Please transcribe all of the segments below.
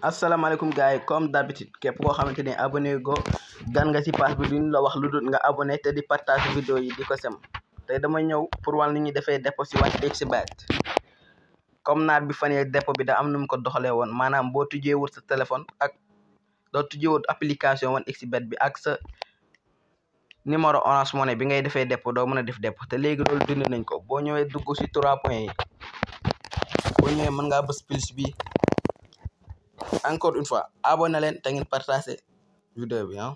asalaamaaleykum gars yi comme d'habitude képp koo xamante ni abonné go gan nga ci page bi duñ la wax lu dul nga abonné te di partage vidéo yi di ko sem tey dama ñëw pour wàll ni ñuy defee dépôt ci wàllu Xbet comme naar bi fan yee dépôt bi da am nu mu ko doxalee woon maanaam boo tujjeewul sa téléphone ak doo tujjeewul application wan Xbet bi ak sa numéro Orange ne bi ngay defee dépôt doo mën a def dépôt te léegi loolu dindi nañ ko boo ñëwee dugg ci trois yi boo ñëwee bi encore une fois abonné leen te ngeen partagé vidéo bi ah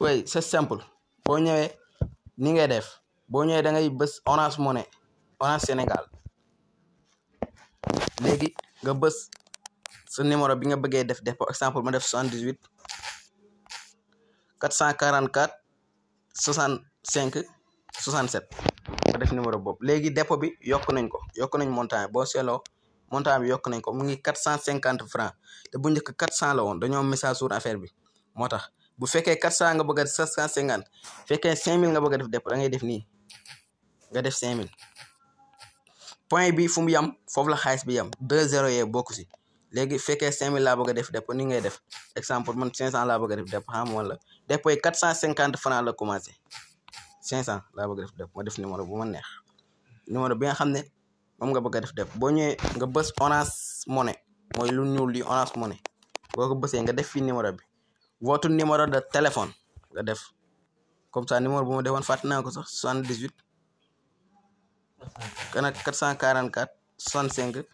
oui c'est simple boo ñëwee ni ngay def boo ñëwee da ngay bës Orange Money Orange Sénégal léegi nga bës sa numéro bi nga bëggee def def par exemple ma def soixante dix huit quatre cent quarante quatre soixante cinq soixante sept nga def numéro boobu léegi dépôt bi yokk nañ ko yokk nañ montant boo seetloo montant bi yokk nañ ko mu ngi quatre cent cinquante francs te bu njëkk quatre cent la woon dañoo message sur affaire bi moo tax bu fekkee quatre cent a def sept cent cinquante fekkee cinq mille nga bëgg a def dépôt da ngay def nii nga def cinq mille fu mu yam foofu la xaalis bi yam deux zéro yee bokku si léegi fekkee cinq mille laa bëgg a def dépôt ni ngay def exemple man cinq cent laa bëgg a def dépôt xam wala dépôt quatre cent cinquante francs la commencé 500 laa bëgg def dëpp ma def numéro bu ma neex numéro bi nga xam ne moom nga bëgg a def def boo ñëwee nga bës Orange Money mooy lu ñuul yi Orange Money boo ko bësee nga def fii numéro bi votre numéro de téléphone nga def comme ça numéro bu ma defoon naa ko sax 78 kana 444 65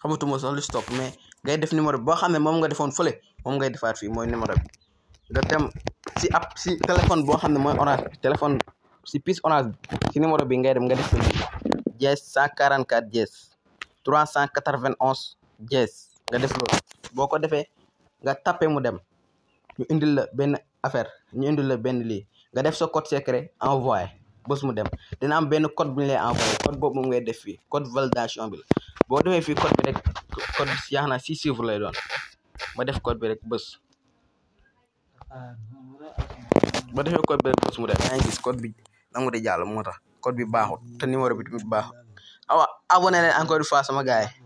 xamatuma sax lu stop mais ngay def numéro bi boo xam ne moom nga defoon fële moom ngay defaat fii mooy numéro bi nga dem si app si téléphone boo xam ne mooy orange téléphone si pis orange bi si numéro bi ngay dem nga def ko dièse cent quarante quatre dièse trois cent quatre vingt onze dièse nga def loolu boo ko defee nga tappe mu dem ñu indil la benn affaire ñu indil la benn li nga def sa code secret envoyé bés mu dem dina am benn code bu ñu lay envoyé code boobu moom ngay def fii code validation bi la boo defee fii code bi rek code bi yaakaar naa six chiffres lay doon ma def code bi rek bés ba defee code beneen poste mu def yaa ngi gis code bi nangu de jàll moo tax code bi baaxut te numéro bi tamit baaxut awa abonné encore une sama gars yi